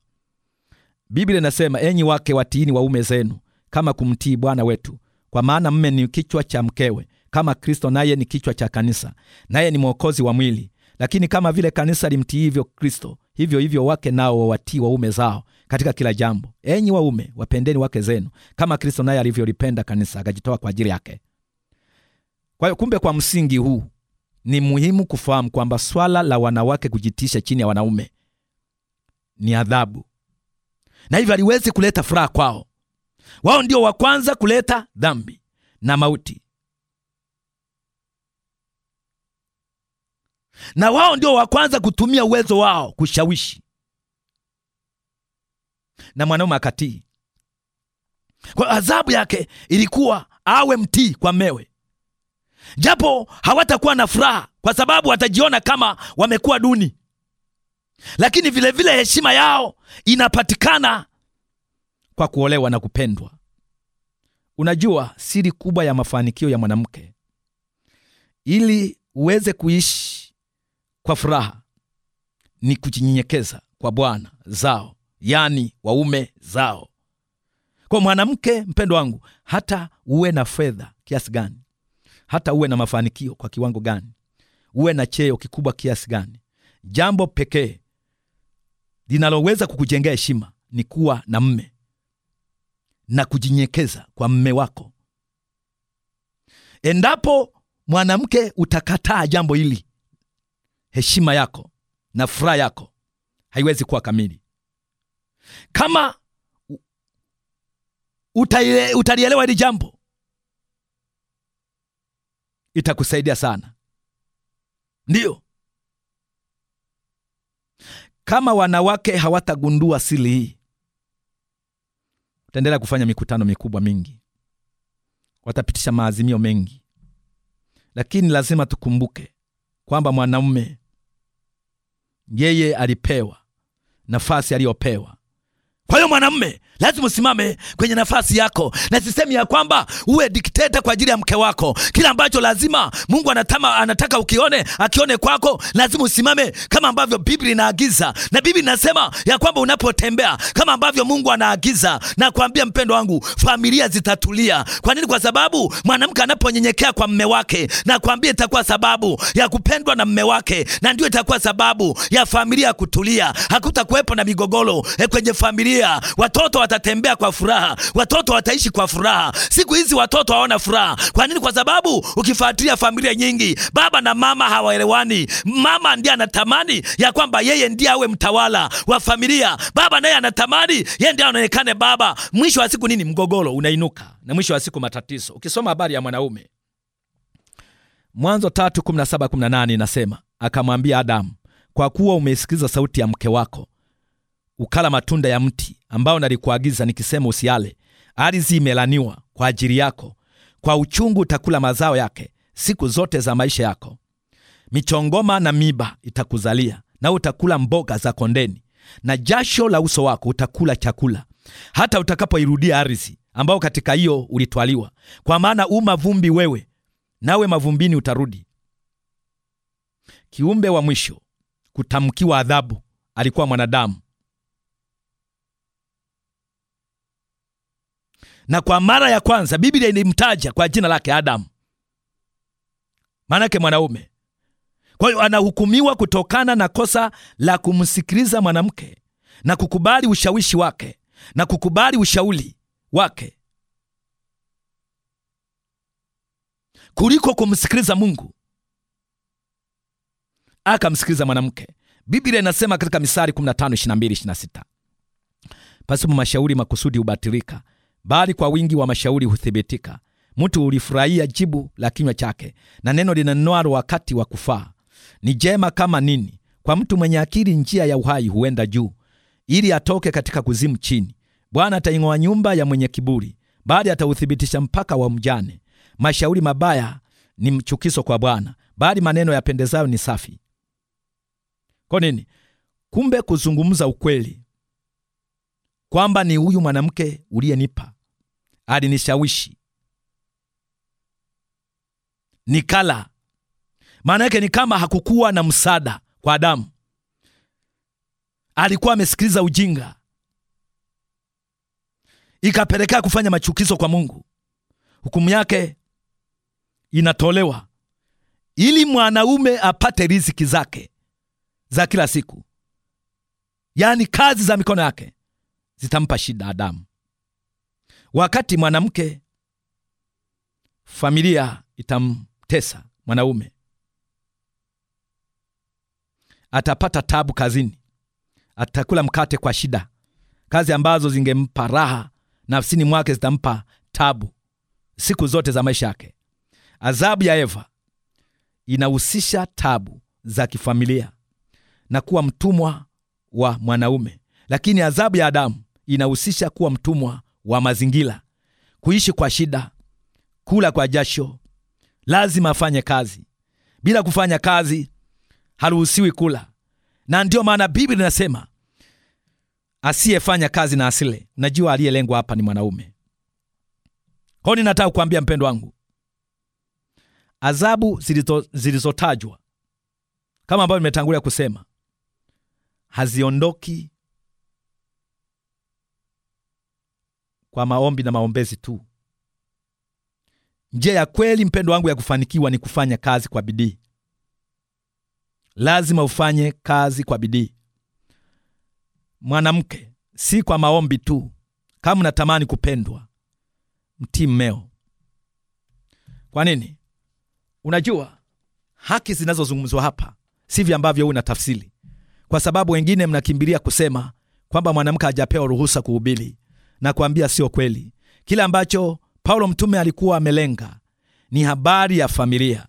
Biblia inasema, enyi wake watiini waume zenu kama kumtii Bwana wetu, kwa maana mme ni kichwa cha mkewe kama Kristo naye ni kichwa cha kanisa, naye ni mwokozi wa mwili. Lakini kama vile kanisa limtiivyo Kristo, hivyo hivyo wake nao wawatii waume zao katika kila jambo. Enyi waume, wapendeni wake zenu kama Kristo naye alivyolipenda kanisa, akajitoa kwa ajili yake. Kwa hiyo, kumbe, kwa msingi huu ni muhimu kufahamu kwamba swala la wanawake kujitisha chini ya wanaume ni adhabu, na hivyo aliwezi kuleta furaha kwao. Wao ndio wa kwanza kuleta dhambi na mauti. na wao ndio wa kwanza kutumia uwezo wao kushawishi, na mwanaume akatii. Kwa adhabu yake ilikuwa awe mtii kwa mewe, japo hawatakuwa na furaha, kwa sababu watajiona kama wamekuwa duni, lakini vilevile heshima yao inapatikana kwa kuolewa na kupendwa. Unajua siri kubwa ya mafanikio ya mwanamke, ili uweze kuishi kwa furaha ni kujinyenyekeza kwa bwana zao, yani waume zao. Kwa mwanamke mpendo wangu, hata uwe na fedha kiasi gani, hata uwe na mafanikio kwa kiwango gani, uwe na cheo kikubwa kiasi gani, jambo pekee linaloweza kukujengea heshima ni kuwa na mme na kujinyekeza kwa mme wako. Endapo mwanamke utakataa jambo hili, heshima yako na furaha yako haiwezi kuwa kamili kama utalielewa hili jambo itakusaidia sana. Ndiyo, kama wanawake hawatagundua sili hii, utaendelea kufanya mikutano mikubwa mingi, watapitisha maazimio mengi, lakini lazima tukumbuke kwamba mwanamume yeye alipewa nafasi aliyopewa. Kwa hiyo mwanamume Lazima usimame kwenye nafasi yako, na sisemi ya kwamba uwe dikteta kwa ajili ya mke wako. Kila ambacho lazima Mungu anatama, anataka ukione, akione kwako, lazima usimame kama ambavyo Biblia inaagiza, na Biblia inasema ya kwamba unapotembea kama ambavyo Mungu anaagiza, na kuambia mpendo wangu, familia zitatulia. Kwa nini? Kwa sababu mwanamke anaponyenyekea kwa mme wake, na kuambia itakuwa sababu ya kupendwa na mme wake, na ndio itakuwa sababu ya familia kutulia. Hakutakuwepo na migogoro e kwenye familia, watoto watatembea kwa furaha, watoto wataishi kwa furaha. Siku hizi watoto hawana furaha. Kwa nini? Kwa sababu ukifuatilia familia nyingi, baba na mama hawaelewani. Mama ndiye anatamani ya kwamba yeye ndiye awe mtawala wa familia, baba naye anatamani yeye ndiye anaonekane baba. Mwisho wa siku nini? Mgogoro unainuka na mwisho wa siku matatizo. Ukisoma habari ya mwanaume Mwanzo 3:17-18 inasema, akamwambia Adamu, kwa kuwa umesikiza sauti ya mke wako ukala matunda ya mti ambao nalikuagiza nikisema, usiale. Ardhi imelaniwa kwa ajili yako, kwa uchungu utakula mazao yake siku zote za maisha yako. Michongoma na miba itakuzalia, na utakula mboga za kondeni, na jasho la uso wako utakula chakula, hata utakapoirudia ardhi ambao katika hiyo ulitwaliwa, kwa maana u mavumbi wewe, nawe mavumbini utarudi. Kiumbe wa mwisho kutamkiwa adhabu alikuwa mwanadamu. na kwa mara ya kwanza Biblia ilimtaja kwa jina lake Adamu, maanake mwanaume. Kwa hiyo anahukumiwa kutokana na kosa la kumsikiliza mwanamke na kukubali ushawishi wake na kukubali ushauri wake kuliko kumsikiliza Mungu akamsikiliza mwanamke. Biblia inasema katika Misali 15:22-26, pasipo mashauri makusudi hubatilika, bali kwa wingi wa mashauri huthibitika. Mtu ulifurahia jibu la kinywa chake, na neno linanwalo wakati wa kufaa ni jema kama nini! Kwa mtu mwenye akili njia ya uhai huenda juu, ili atoke katika kuzimu chini. Bwana ataing'oa nyumba ya mwenye kiburi, bali atauthibitisha mpaka wa mjane. Mashauri mabaya ni mchukizo kwa Bwana, bali maneno yapendezayo ni safi. Kwa nini? Kumbe kuzungumza ukweli kwamba ni huyu mwanamke uliyenipa alinishawishi nikala. Maana yake ni kama hakukuwa na msaada kwa Adamu, alikuwa amesikiliza ujinga, ikapelekea kufanya machukizo kwa Mungu. Hukumu yake inatolewa ili mwanaume apate riziki zake za kila siku, yaani kazi za mikono yake zitampa shida Adamu. Wakati mwanamke familia itamtesa mwanaume, atapata tabu kazini, atakula mkate kwa shida. Kazi ambazo zingempa raha nafsini mwake zitampa tabu siku zote za maisha yake. Adhabu ya Eva inahusisha tabu za kifamilia na kuwa mtumwa wa mwanaume, lakini adhabu ya Adamu inahusisha kuwa mtumwa wa mazingira, kuishi kwa shida, kula kwa jasho. Lazima afanye kazi. Bila kufanya kazi haruhusiwi kula, na ndiyo maana Biblia inasema asiyefanya kazi na asile. Najua aliyelengwa hapa ni mwanaume. Kwa hiyo ninataka kuambia mpendo wangu, adhabu zilizotajwa kama ambavyo nimetangulia kusema haziondoki kwa maombi na maombezi tu. Njia ya kweli mpendo wangu ya kufanikiwa ni kufanya kazi kwa bidii. Lazima ufanye kazi kwa bidii, mwanamke, si kwa maombi tu. Kama unatamani kupendwa, mtii mmeo. Kwa nini? Unajua, haki zinazozungumzwa hapa sivyo ambavyo na tafsiri, kwa sababu wengine mnakimbilia kusema kwamba mwanamke hajapewa ruhusa kuhubiri na kuambia sio kweli. Kile ambacho Paulo mtume alikuwa amelenga ni habari ya familia.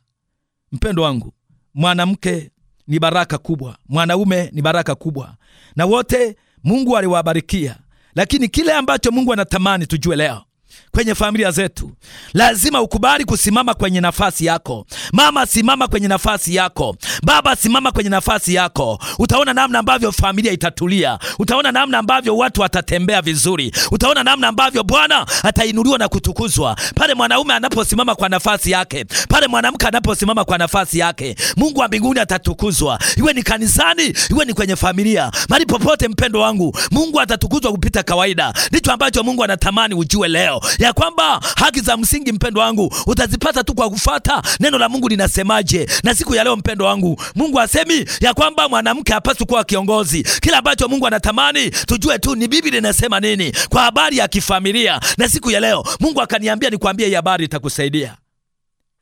Mpendo wangu, mwanamke ni baraka kubwa, mwanaume ni baraka kubwa, na wote Mungu aliwabarikia, lakini kile ambacho Mungu anatamani tujue leo kwenye familia zetu. Lazima ukubali kusimama kwenye nafasi yako. Mama, simama kwenye nafasi yako. Baba, simama kwenye nafasi yako. Utaona namna ambavyo familia itatulia, utaona namna ambavyo watu watatembea vizuri, utaona namna ambavyo Bwana atainuliwa na kutukuzwa pale mwanaume anaposimama kwa nafasi yake, pale mwanamke anaposimama kwa nafasi yake. Mungu wa mbinguni atatukuzwa, iwe ni kanisani, iwe ni kwenye familia, mahali popote. Mpendo wangu, Mungu atatukuzwa kupita kawaida. Ndicho ambacho Mungu anatamani ujue leo ya kwamba haki za msingi mpendo wangu utazipata tu kwa kufata neno la Mungu linasemaje. Na siku ya leo mpendo wangu, Mungu asemi ya kwamba mwanamke hapaswi kuwa kiongozi. Kila ambacho Mungu anatamani tujue tu ni Biblia inasema nini kwa habari ya kifamilia. Na siku ya leo Mungu akaniambia nikwambie hii habari itakusaidia.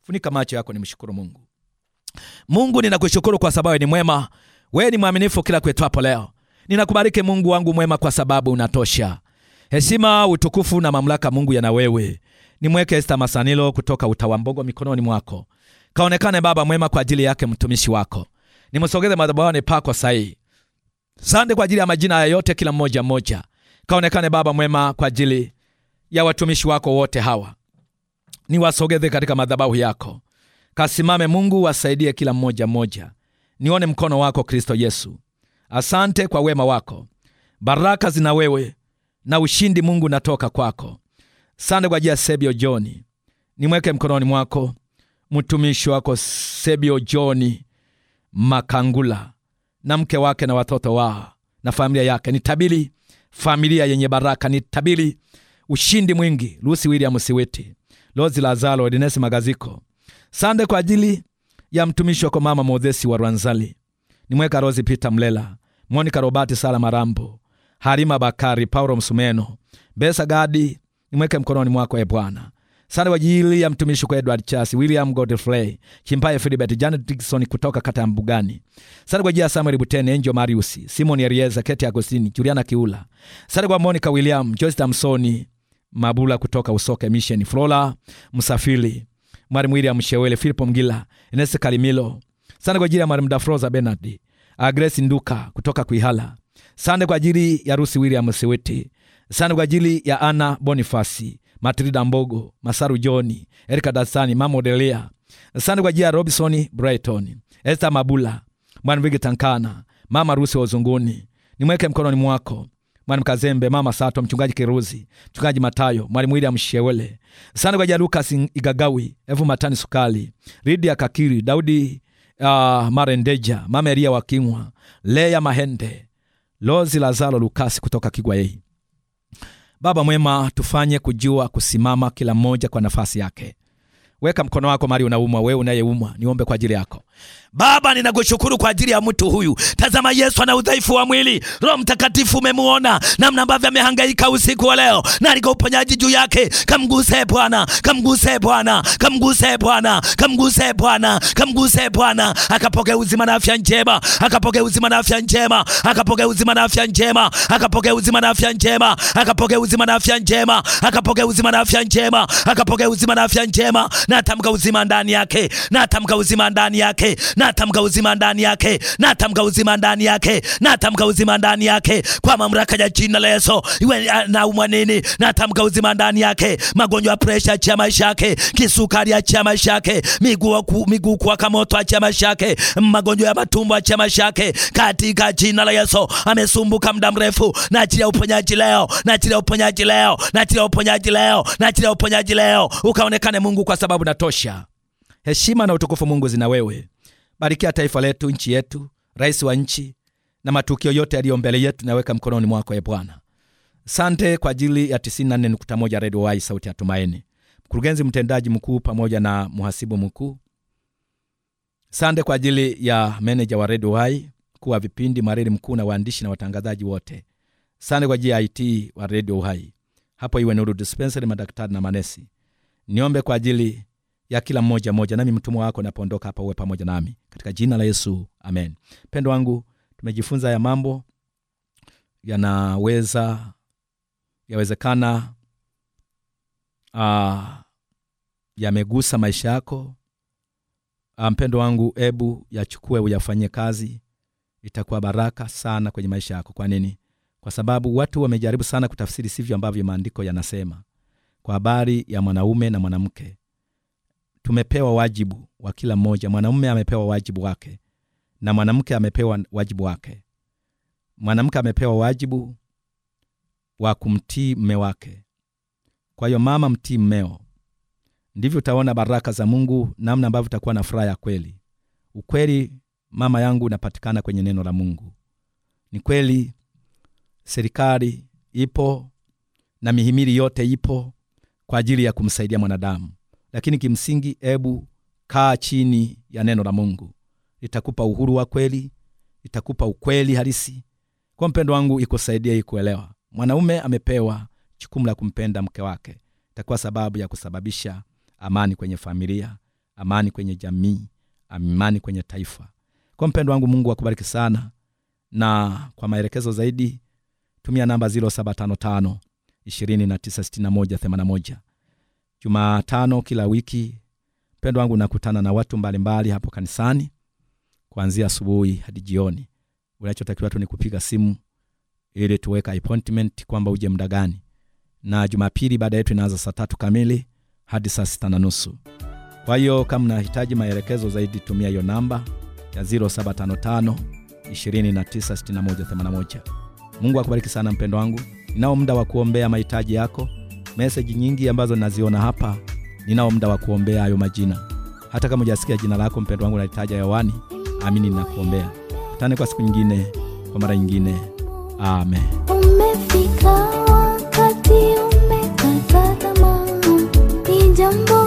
Funika macho yako, nimshukuru Mungu. Mungu ninakushukuru kwa sababu ni mwema, wewe ni mwaminifu kila kwetu hapo leo. Ninakubariki Mungu wangu mwema, kwa sababu unatosha. Heshima, utukufu na mamlaka Mungu yana wewe. Nimweke Esta Masanilo kutoka Utawambogo mikononi mwako. Kaonekane Baba mwema kwa ajili yake mtumishi wako, nimsogeze madhabahuni pako sahi. Sande kwa ajili ya majina ya yote, kila mmoja mmoja. Kaonekane Baba mwema kwa ajili ya watumishi wako wote hawa, niwasogeze katika madhabahu yako. Kasimame Mungu, wasaidie kila mmoja mmoja, nione mkono wako Kristo Yesu. Asante kwa wema wako, baraka zina wewe na ushindi Mungu natoka kwako. Sande kwa ajili ya Sebio Joni, nimweke mkononi mwako mtumishi wako Sebio Joni Makangula na mke wake na watoto wao na familia yake. nitabili familia yenye baraka, nitabili ushindi mwingi. lusi William Siwiti, Lozi Lazaro, Edinesi Magaziko. Sande kwa ajili ya mtumishi wako mama Mozesi wa Rwanzali, nimweka Rozi Peter Mlela, Monica Robati, Sara Marambo Halima Bakari, Paulo Msumeno, Besa Gadi, nimweke mkononi mwako e Bwana. Sare wajili ya mtumishi kwa Edward Chasi, William Godfrey, Chimpaye Filibert, Janet Dixon kutoka kata Mbugani. Sare kwa Jia Samuel Butene, Enjo Mariusi, Simon Yerieza, Keti Agostini, Juliana Kiula. Sare kwa Monica William, Joyce Tamsoni, Mabula kutoka Usoke Mission, Flora Msafili, Mwalimu William Shewele, Filipo Mgila, Enes Kalimilo. Sare kwa ajili ya Mwalimu Dafroza Bernard, Agresi Nduka kutoka Kuihala. Sande kwa ajili ya Rusi William Sewete. Sande kwa ajili ya Ana Bonifasi, Matrida Mbogo, Masaru Joni, Erika Dasani, Mama Odelea. Sande kwa ajili ya Robison Brighton, Esther Mabula, Mwani Vigi Tankana, Mama Rusi wa Uzunguni. Nimweke mkononi mwako Mwalimu Kazembe, Mama Sato, Mchungaji Kiruzi, Mchungaji Matayo, Mwalimu William Shewele. Asante kwa ajili ya Lukas Igagawi, Evu Matani Sukali, Lidia Kakiri, Daudi uh, Marendeja, Mama Eria Wakinwa, Leya Mahende, Lozi lazalo Lukasi kutoka Kigwayi. Baba mwema, tufanye kujua kusimama kila mmoja kwa nafasi yake. Weka mkono wako mari unaumwa, wewe unayeumwa, niombe kwa ajili yako. Baba, ninakushukuru kwa ajili ya mtu huyu. Tazama, Yesu ana udhaifu wa mwili. Roho Mtakatifu umemuona namna ambavyo amehangaika usiku wa leo, na alika uponyaji juu yake. Kamguse Bwana, kamguse Bwana, kamguse Bwana, kamguse Bwana, kamguse Bwana, akapokea uzima na afya njema, akapokea uzima na afya njema, akapokea uzima na afya njema, akapokea uzima na afya njema, akapokea uzima na afya njema, akapokea uzima na afya njema, akapokea uzima na afya njema, na atamka uzima ndani yake, na atamka uzima ndani yake yake, natamka uzima ndani yake, natamka uzima ndani yake, natamka uzima ndani yake kwa mamlaka ya jina la Yesu. Iwe ah, na umwanini, natamka uzima ndani yake. Magonjwa pressure, cha maisha yake. Kisukari, cha maisha yake. Miguu ku, miguu kwa kamoto cha maisha yake. Magonjwa ya matumbo, cha maisha yake katika jina la Yesu. Amesumbuka muda mrefu, na ajili ya uponyaji leo, na ajili ya uponyaji leo, na ajili ya uponyaji leo, na ajili ya uponyaji leo, ukaonekane Mungu, kwa sababu natosha. Heshima na utukufu Mungu zina wewe. Barikia taifa letu, nchi yetu, rais wa nchi na matukio yote yaliyo mbele yetu, naweka mkononi mwako e Bwana. Sante kwa ajili ya 94.1 Redio Wai, sauti ya Tumaini, mkurugenzi mtendaji mkuu pamoja na mhasibu mkuu. Sante kwa ajili ya meneja wa Redio Wai, mkuu wa vipindi, mariri mkuu na waandishi na watangazaji wote. Sante kwa ajili ya IT wa Redio uhai hapo iwe nuru dispensary, madaktari na manesi. Niombe kwa ajili ya kila mmoja mmoja, nami mtumwa wako napoondoka hapa, uwe pamoja nami katika jina la Yesu, amen. Mpendo wangu, tumejifunza ya mambo yanaweza yawezekana, uh, yamegusa maisha yako. Uh, ah, mpendo wangu, ebu yachukue uyafanyie kazi, itakuwa baraka sana kwenye maisha yako. Kwa nini? Kwa sababu watu wamejaribu sana kutafsiri sivyo ambavyo maandiko yanasema kwa habari ya mwanaume na mwanamke. Tumepewa wajibu wa kila mmoja. Mwanamume amepewa wajibu wake na mwanamke amepewa wajibu wake. Mwanamke amepewa wajibu wa kumtii mme wake. Kwa hiyo, mama, mtii mmeo, ndivyo utaona baraka za Mungu, namna ambavyo utakuwa na furaha ya kweli. Ukweli mama yangu unapatikana kwenye neno la Mungu. Ni kweli serikali ipo na mihimili yote ipo kwa ajili ya kumsaidia mwanadamu, lakini kimsingi, ebu kaa chini ya neno la Mungu, litakupa uhuru wa kweli, litakupa ukweli halisi. Kwa mpendo wangu, ikusaidia ikuelewa. Mwanaume amepewa jukumu la kumpenda mke wake, itakuwa sababu ya kusababisha amani kwenye familia, amani kwenye jamii, amani kwenye taifa. Kwa mpendo wangu, Mungu akubariki sana, na kwa maelekezo zaidi tumia namba 0755 296181. Jumatano kila wiki Mpendo wangu, nakutana na watu mbalimbali mbali hapo kanisani kuanzia asubuhi hadi jioni. Unachotakiwa tu ni kupiga simu ili tuweka appointment kwamba uje muda gani, na Jumapili baada yetu inaanza saa tatu kamili hadi saa sita na nusu. Kwa hiyo kama unahitaji maelekezo zaidi, tumia hiyo namba ya 0755296181 Mungu akubariki sana mpendo wangu. Ninao muda wa kuombea mahitaji yako. Meseji nyingi ambazo naziona hapa Ninao muda wa kuombea hayo majina. Hata kama hujasikia jina lako mpendo wangu nalitaja hewani, amini ninakuombea. tane kwa siku nyingine, kwa mara nyingine. Amen. Umefika wakati umekata tamaa. Ni jambo